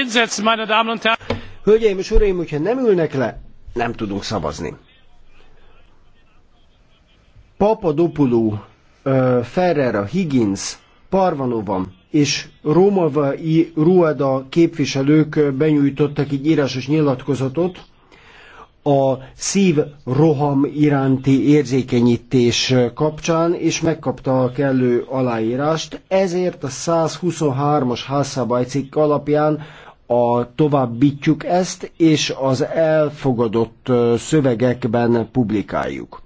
hinsetzen, meine Damen und Herren. Hölgyeim és uraim, hogyha nem ülnek le, nem tudunk szavazni. Papadopoulou, Ferrera, Higgins, Parvanovan és Rómavai Rueda képviselők benyújtottak egy írásos nyilatkozatot a roham iránti érzékenyítés kapcsán, és megkapta a kellő aláírást. Ezért a 123-as házszabálycikk alapján a, továbbítjuk ezt, és az elfogadott szövegekben publikáljuk.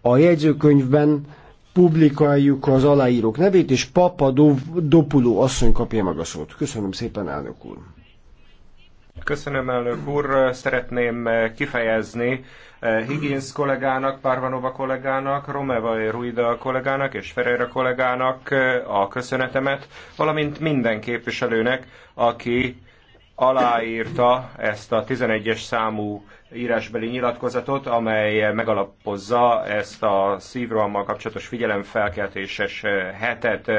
A jegyzőkönyvben publikáljuk az aláírók nevét, és Papa Dopuló asszony kapja meg a szót. Köszönöm szépen, elnök úr! Köszönöm, elnök úr. Szeretném eh, kifejezni eh, Higgins kollégának, Párvanova kollégának, Romeva Ruida kollégának és Ferreira kollégának eh, a köszönetemet, valamint minden képviselőnek, aki aláírta ezt a 11-es számú írásbeli nyilatkozatot, amely megalapozza ezt a szívrohammal kapcsolatos figyelemfelkeltéses hetet.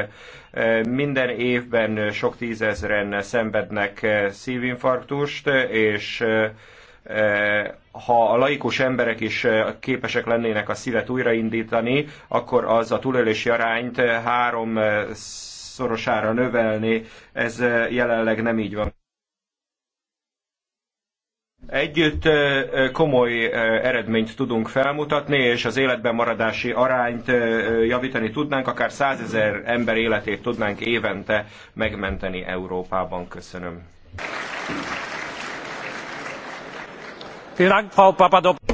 Minden évben sok tízezren szenvednek szívinfarktust, és eh, ha a laikus emberek is képesek lennének a szívet újraindítani, akkor az a túlélési arányt három szorosára növelni. Ez jelenleg nem így van. Együtt komoly eredményt tudunk felmutatni, és az életben maradási arányt javítani tudnánk, akár százezer ember életét tudnánk évente megmenteni Európában. Köszönöm. Frau